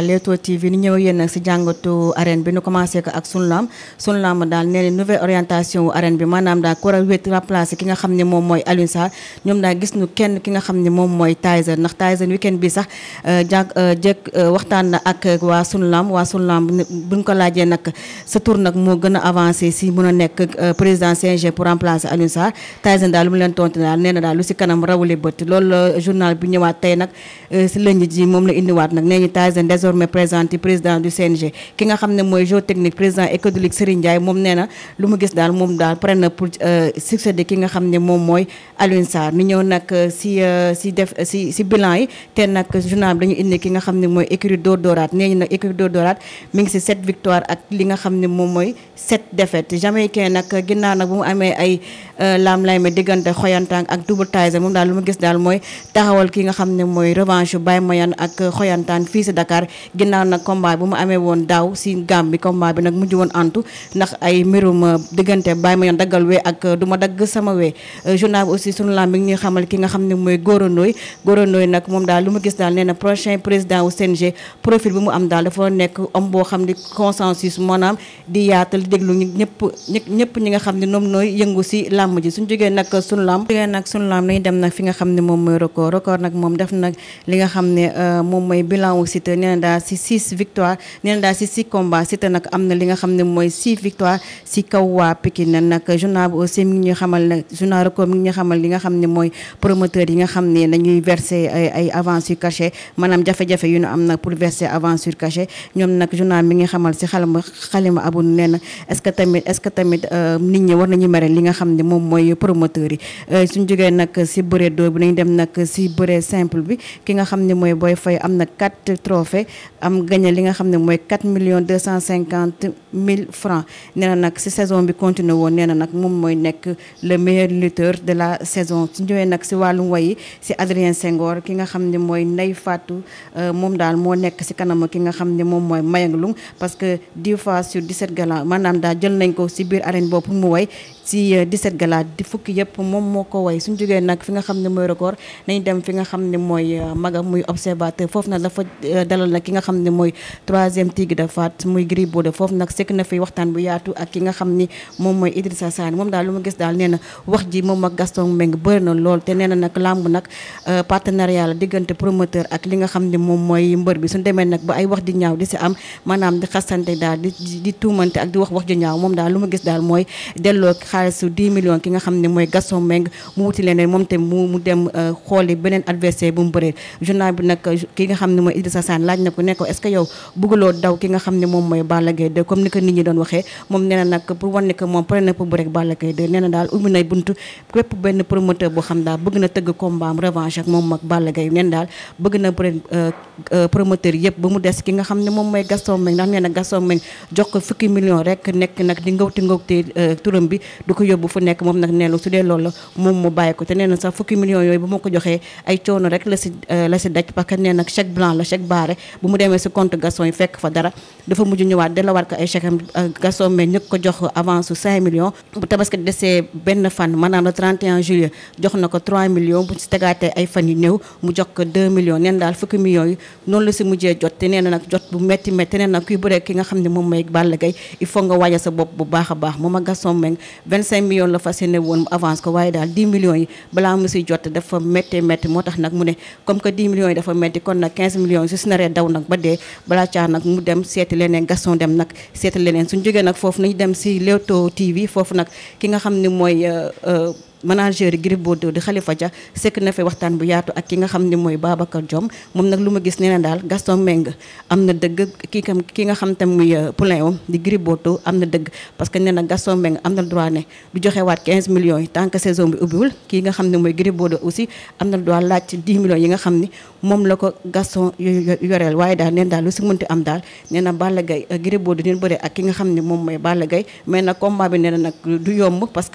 Leewtoo TV ni ñëw yéen nag si jàngatu arène bi nu commencé ko ak sunu lamb sunu lamb daal nee na nouvelle orientation bi maanaam daal ku war a wét remplacé ki nga xam ne moom mooy Alioune Sarr ñoom daal gis nu kenn ki nga xam ne moom mooy Tyson ndax Tyson weekend bi sax euh, jànk euh, jekk euh, waxtaan ak waa sunu lamb waa sunu lamb buñ ko laajee nag sa tour nag moo gën a avancé si mën a nekk président CNG pour remplacer Alioune daal lu leen tontu daal nee na daal lu si kanam rawule bët loolu journal bi ñëwaat tey nag si lënd ji moom la indiwaat nag nee ñu Tyson désormais présenté président du CNG ki nga xam ne mooy géotechnique président économique Serigne Ndiaye moom nee lu mu gis daal moom daal pare pour euh, succéder ki nga xam ne moom mooy Alioune Sarr ñu ñëw nag euh, si euh, si def si si bilan yi te nag journal dañu indi ki nga xam ne mooy écurie Dóor nee ñu nag écurie Dóor Dóoraat ngi si 7 victoire ak li nga xam ne moom mooy 7 défaite Jamaïcain nag ginnaaw nag bu mu amee ay laam lay me diggante xoyantaan ak double moom ginnaaw nag combat bu mu amee woon daaw si gàmm bi combat bi nag mujj woon antu ndax ay mbirum euh, diggante bàyyi ma yoon daggal wee ak euh, du ma dagg sama wee euh, journal bi aussi sunu lamb bi ñuy xamal ki nga xam ne mooy góorandooy góorandooy nag moom daal lu mu gis daal nee na prochain président wu CNG profil bi mu am daal dafa nekk homme boo xam ne consensus maanaam di yaatal déglu ñëpp ñëpp ñi nga xam ne ñoom nooy yëngu si làmb ji suñ jógee nag sunu lamb jógee nag sunu lamb nañ dem fi nga xam ne moom mooy record record nag moom def nag li nga xam ne moom mooy bilan wu daal si 6 victoire nee na daal si 6 combats nag am na li nga xam ne mooy 6 victoire si kaw waa Pikine nag journal bi aussi mi ngi ñu xamal nag journal record mi ngi xamal li nga xam ne mooy promoteur yi nga xam ne dañuy verser ay avance sur cachet maanaam jafe yu ñu am nag pour verser avance sur cachet ñoom nag journal mi ngi xamal si xalima xalima abun nee na est-ce que tamit est-ce que tamit euh, nit ñi war nañu mere li nga xam ne moom mooy promoteurs yi euh, suñ jógee nag si bëre dóor bi nañu dem nag si bëre simple bi ki nga xam ne mooy booy Faye am na 4 trophées am gagné li nga xam ne mooy 4 millions 250 mille francs nee na nag si saison bi continué woon nee na nag moom mooy nekk le meilleur lutteur de la saison su ñëwee nag si wàllum wayi si Adrien Senghor ki nga xam ne mooy Ndeye Fatou euh, moom daal moo nekk si kanam ki nga xam ne moom mooy Mayang parce que 10 fois sur 17 gala maanaam daal jël nañ ko si biir arène boobu mu way si 17 euh, gala di fukki yëpp moom moo ko way suñ jógee nag fi nga xam ne mooy record nañ dem fi nga xam ne mooy euh, maga muy observateur foofu nag dafa dalal nag ak ki nga xam ne mooy troisième tigre de Fass muy Gris Bordeaux foofu nag sekk na fi waxtaan bu yaatu ak ki nga xam ni moom mooy Idrissa Sane moom daal moom euh, ak li nga xam ne moom mooy mbër bi suñu demee nag ba ay wax di ñaaw di si am maanaam di xasante daal di di tuumante ak di wax wax ju ñaaw moom daal lu ma gis daal mooy delloo xaalisu 10 millions ki nga xam ne mooy Gaston Mbengue mu wuti leneen moom te mu mu dem euh, xooli beneen adversaire mu bëree journal bi nag ki laaj na fàttaliku ne ko est-ce que yow bëgguloo daw ki nga xam ne moom mooy Balla Gaye 2 comme ni ko nit ñi doon waxee moom nee na nag pour wan ne que moom preneur bu rek Balla na daal ubbi na buntu képp benn promoteur boo xam ndax nee na Gaston jox ko fukki million rek nekk nag di ngawti ngawti euh, turam bi du ko yóbbu fu nekk moom nag neelu su dee loolu moom mu bàyyi ko te nee sax fukki millions yooyu bu ma ko joxee ay coono rek la si euh, la si daj parce que nee na blanc bu mu demee si compte Gaston yi fekk fa dara dafa mujj ñëwaat delawaat ko ay chèque am euh, Gaston mais ñëkk ko jox avance su 5 millions bu tabaski desee benn fan maanaam le 31 juillet jox na ko 3 millions bu si tegaatee ay fan yu néew mu jox ko 2 millions neen daal fukki millions yi noonu la si mujjee jot te nee na nag jot na nag kuy moom mooy Balla Gaye a baax moom ak Gaston Mbengue 25 millions la fas yéene woon mu avance ko waaye daal 10 millions yi balaa mu si jot dafa méttee métti moo tax nag mu ne comme que 10 millions yi dafa métti kon nag 15 millions yi su si naree daw nag ba dee balaa caa nag mu dem seeti leneen Gaston dem nag seeti leneen suñ jógee nag foofu nañ dem si Leewtoo TV foofu nag ki nga xam ne mooy euh, euh, manager yi Gris Bordeaux di Khalifa Dia sekk na fi waxtaan bu yaatu ak ki nga xam ne mooy Babacar Diom moom nag lu ma gis nee daal Gaston Mbengue am na nga xam tam muy euh, poulain om na dëgg parce que nee na Gaston na droit ne du joxewaat 15 millions yi tant que saison bi ubbiwul kii nga xam ne mooy Gris Bordeaux aussi am na xam ni moom la ko Gaston yoreel waaye daal neen daal lu si mënti am daal nee na Balla Gaye euh, Gris Bordeaux dina bëre ak ki nga xam ne moom mooy Balla Gaye mais nag combat ak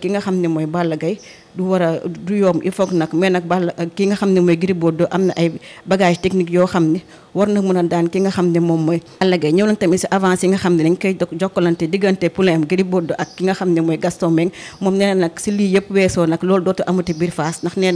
ki nga xam xam ne mooy Balla Gaye du war a du yomb il faut nag mais nag Balla ki nga xam ne mooy Gris am na ay bagage technique yoo xam ne war na mën a daan ki nga xam ne moom mooy Balla Gaye ñëw nañ xam ne dañ koy jokkalante diggante poulain Gris Bordeaux ne mooy Gaston Mbengue moom nee na nag si lii yëpp weesoo nag loolu dootu amati biir face ndax nee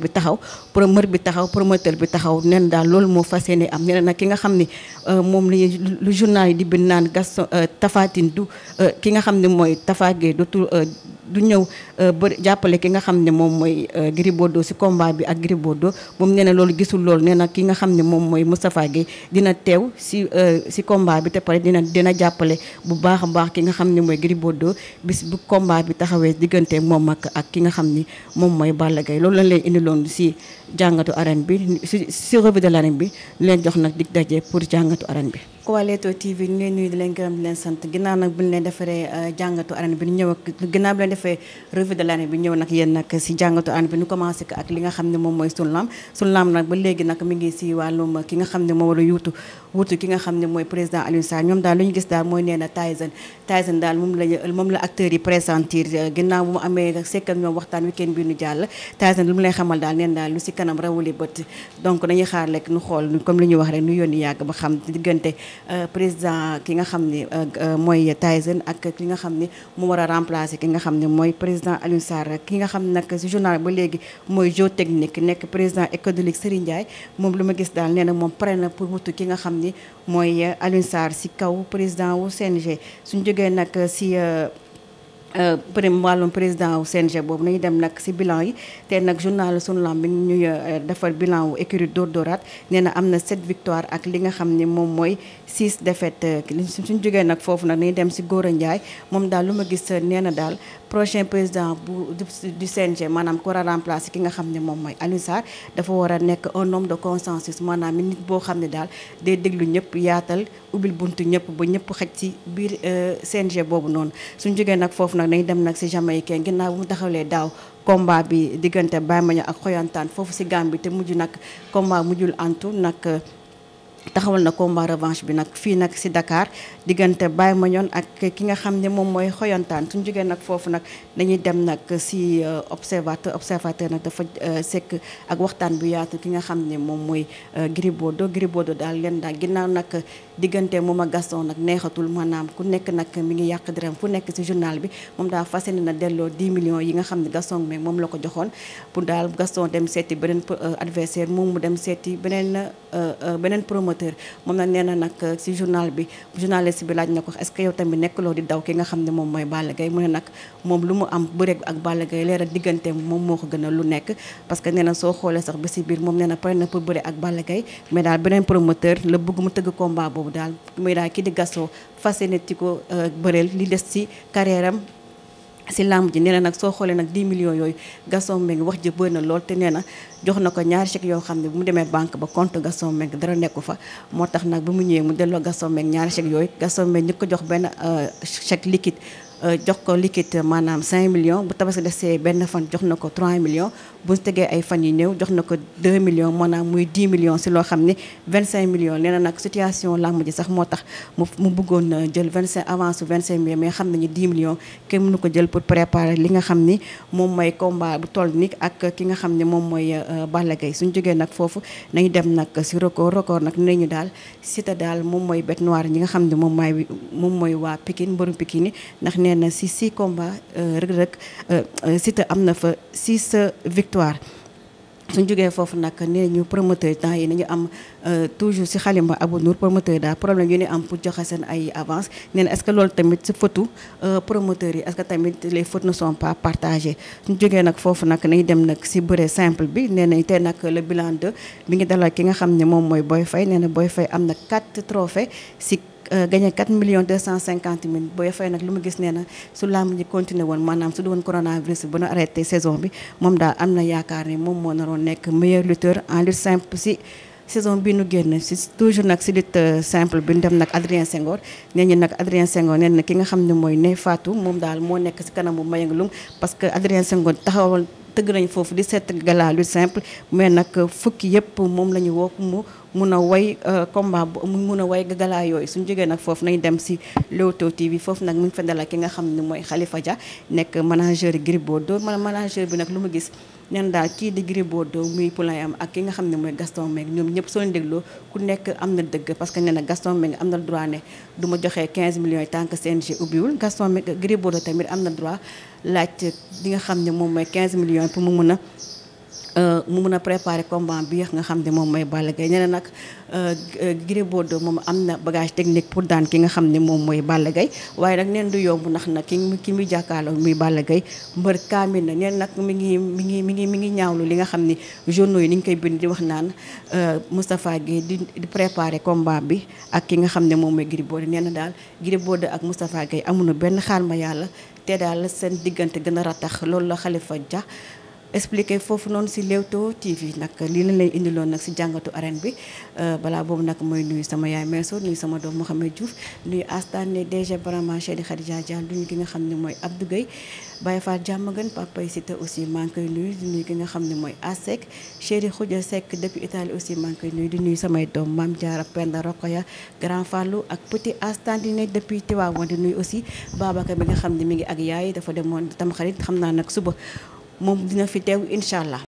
bi taxaw pour mbër bi taxaw promoteur bi taxaw nee na daal loolu moo fas yéene na nag ki nga xam ne euh, moom li lu journal yi di bind naan Gaston euh, Tapha du euh, ki nga xam ne mooy Tapha Gueye dootul Euh, du ñëw euh, ba jàppale ki nga xam ne moom mooy euh, Gris Bordeaux si combat bi ak Gris moom nee na loolu gisul loolu nee na ki nga xam ne moom mooy Moustapha dina teew si si combat bi te pare dina dina jàppale bu baax a baax ki nga xam ne mooy Gris Bordeaux bis bu combat bi taxawee diggante moom ak ak ki nga xam ni moom mooy Balla Gaye loolu lañ leen indiloon si jàngatu arène bi si si revue de l'arène bi leen jox nag dig daje pour jàngatu arène bi waa Leewtoo TV ñu ngi nuyu di leen gërëm di sant ginnaaw nag bu ñu leen defaree euh, jàngatu arène bi ñu ñëw ak ginnaaw bu leen defee revue de l'année bi ñëw nag yéen nag si jàngatu arène bi ñu commencé ko ak li nga xam ne moom mooy sunu lamb sunu nag ba léegi nag mi ngi si wàllum ki nga xam ne moo war a yuutu ki nga xam ne mooy président Alioune ñoom daal lu ñu gis daal mooy nee na Tyson Tyson daal moom la moom la acteurs yi présentir ginnaaw bu mu amee sekkal ñoom waxtaan week-end bi ñu jàll Tyson lu mu lay xamal daal neen daal lu si kanam rawuli bët donc dañuy xaar lekk nu xool comme li ñuy wax rek ñu yónni yàgg ba xam diggante Euh, président ki nga xam ni euh, euh, mooy Tyson ak ki nga xam ni mu war a remplacer ki nga xam ni mooy président Alioune Sarr ki nga xam nag si journal ba léegi mooy géotechnique nekk président économique Serigne Ndiaye moom lu ma gis daal nee na moom pare na pour wutu ki nga xam ni mooy Alioune si kaw président wu CNG suñ jógee nag si Euh, pré wàllum président wu CNG boobu nañu dem nag si bilan yi te nag journal sunu lamb bi ñuy euh, defar bilan wu écurie Dóor Dóoraat nee na am na 7 victoire ak li nga xam ni moom mooy 6 défaites euh, suñ jógee nag foofu nag nañu dem si Gora Ndiaye moom daal lu ma gis nee na daal prochain président bu du CNG maanaam ku war ki nga xam ne moom mooy Alioune Sarr dafa war a nekk un homme de consensus maanaam nit boo xam ne daal day déglu ñëpp yaatal ubbil buntu ñëpp ba ñëpp xaj ci biir euh, CNG boobu noonu suñ jógee nag foofu nag dañu dem nag si Jamaïcain ginnaaw bu mu taxawlee daaw combat bi diggante Baye Mandione ak Xoyantaan foofu si bi te mujj nag combat mujjul antu nag taxawal na combat revanche bi nag fii nag si Dakar diggante Baye Mandione ak ki nga xam ne moom mooy xoyantaan suñu jógee nag foofu nag dañuy dem nag si euh, observateur observateur nag dafa euh, sekk ak waxtaan bu yaatu ki nga xam ne moom mooy euh, Gris Bordeaux Gris Bordeaux daal leen daal ginnaaw nag diggante moom ak Gaston nag neexatul maanaam ku nekk nag mi ngi yàq dërëm fu nekk si journal bi moom daal fas yéene na delloo 10 millions yi nga xam ne Gaston mais moom la ko joxoon pour daal Gaston dem seeti beneen moom mu dem seeti beneen beneen promoteur moom nag nee na nag si euh, journal bi journaliste bi laaj na ko est yow tamit nekk loo di daw ki nga xam ne moom mooy Balla Gaye mu ne nag moom lu mu am bëreeg ak Balla Gaye leeral diggante moom moo ko gën a lu nekk parce que soo xoolee sax ba si biir moom nee pare na pour bëre ak Balla Gaye mais daal beneen promoteur la bëgg mu tëgg combat boobu daal muy daal kii di gasoo fas euh, bëreel li des si carrière si làmb ji nee nag soo xoolee nag 10 millions yooyu Gaston Mbengue wax ji bëri na lool te nee na jox na ko ñaari chèque yoo xam ne bu mu demee banque ba compte gason Mbengue dara nekku fa moo tax nag bu mu ñëwee mu delloo Gaston Mbengue ñaari chèque yooyu Gaston Mbengue ñu ko jox benn euh, chèque liquide Euh, jox ko liquide maanaam cinq millions bu tabaski desee benn fan jox na ko 3 millions bu tegee ay fan yu néew jox na ko 2 millions maanaam muy 10 millions si loo xam ne 25 millions nee na nag situation làmb ji sax tax mu mu bëggoon euh, jël 25 avance 25 millions mais xam nañu 10 millions kenn mënu ko jël pour préparer li nga xam ni moom mooy combat bu toll ni ak ki nga xam ne moom mooy euh, Balla Gaye suñ jógee nag foofu nañu dem nag si record record nag nee ñu daal Siteu daal moom mooy bête noire ñi nga xam ne moom mooy moom mooy waa Pikine mbërum Pikine ndax nee na si six combats euh, Reug Reug euh, euh, am na fa si six victoire suñ jógee foofu nag nee ñu promoteur temps yi nañu am toujours si xalimba Abou Nour promoteur daal problème yu ne am pour joxe seen ay avance nee na que loolu tamit si fëtu promoteur yi est que tamit les fautes ne son pas partagées suñ jógee nag foofu nag nañ dem nag si bëre simple bi nee nañ tey nag le bilan de bi ngi dalal ki nga xam ne moom mooy booy Faye nee na Boy Faye am na 4 Euh, gagné 4 millions 250 mille Boy Faye nag lu ma gis nee na su làmb ji continué woon maanaam su du woon coronavirus bi ba nu arrêté saison bi moom daal am na yaakaar ne moom moo naroon nekk meilleur lutteur en lutte simple si saison bi nu génn si toujours nag si lutte euh, simple bi ñu dem nag Adrien Senghor nee ñu nag Adrien Senghor nee na ki nga xam ne mooy Ndeye Fatou moom daal moo nekk si kanamu Mbayang Loum parce que Adrien Senghor taxawal dëgg nañ foofu di set gala lu simple mais nag fukki yëpp moom la ñu woo mu mun a way euh, combat mu mun a way gala yooyu suñu jógee nag foofu nañ dem si Leewtoo TV foofu nag mu ngi fa dalal ki nga xam ne mooy xalifa Dia nekk manager Gris Bordeaux man manager bi nag lu mu gis neen daal kii di Gris Bordeaux muy Poulain am ak ki nga xam ne mooy Gaston Mbengue ñoom ñëpp soo dégloo ku nekk am na dëgg parce que nee na Gaston Mbengue am na droit ne du ma joxee 15 millions yi tant que CNG ubbiwul Gaston Mbengue Gris Bordeaux tamit am na droit laaj li nga xam ne moom mooy 15 millions pour mu mun a Euh, mu mun a préparer combat bi nga xam ne moom mooy Balla Gaye ñeneen nag euh, Gris Bordeaux moom am na bagage technique pour daan ki nga xam ne moom mooy Balla Gaye waaye neen du yomb ndax nag ki ki muy jàkkaarloo muy Balla Gaye mbër kaamil na neen nag mi ngi mi ngi mi ngi mi ngi ñaawlu li nga xam ne journaux yi ni ñu koy bind di wax naan euh, Moustapha Guèye di di préparer combat bi ak ki nga xam ne moom mooy Gris Bordeaux nee na daal Gris Bordeaux ak Moustapha amu na benn xaar ma yàlla te daal seen diggante gën a ratax loolu la xalifa Dia expliqué foofu noonu si Leewtoo TV nag lii lañ lay indiloon nag si jàngatu arène bi euh, balaa boobu nag mooy nuyu sama yaay Meeso nuyu sama doom Mouhamed Diouf nuyu Astane DG Barama Cheikh Khadija Dia nuyu ki nga xam ne mooy Abdou Gueye Baye Fall Diamaguène Papa Sita aussi maa ngi koy nuyu di nuyu xam ne mooy Asek Cheikh Khoudia Seck depuis Italie aussi maa ngi koy nuyu di nuyu samay doom Mame Diarra Penda Rokhaya Grand Fallou ak Petit Astane di ne depuis Tivaouane di nuyu aussi Babacar bi nga xam ne mi ngi ak yaay dafa demoon tam xarit xam naa nag suba moom dina fi teew incha allah.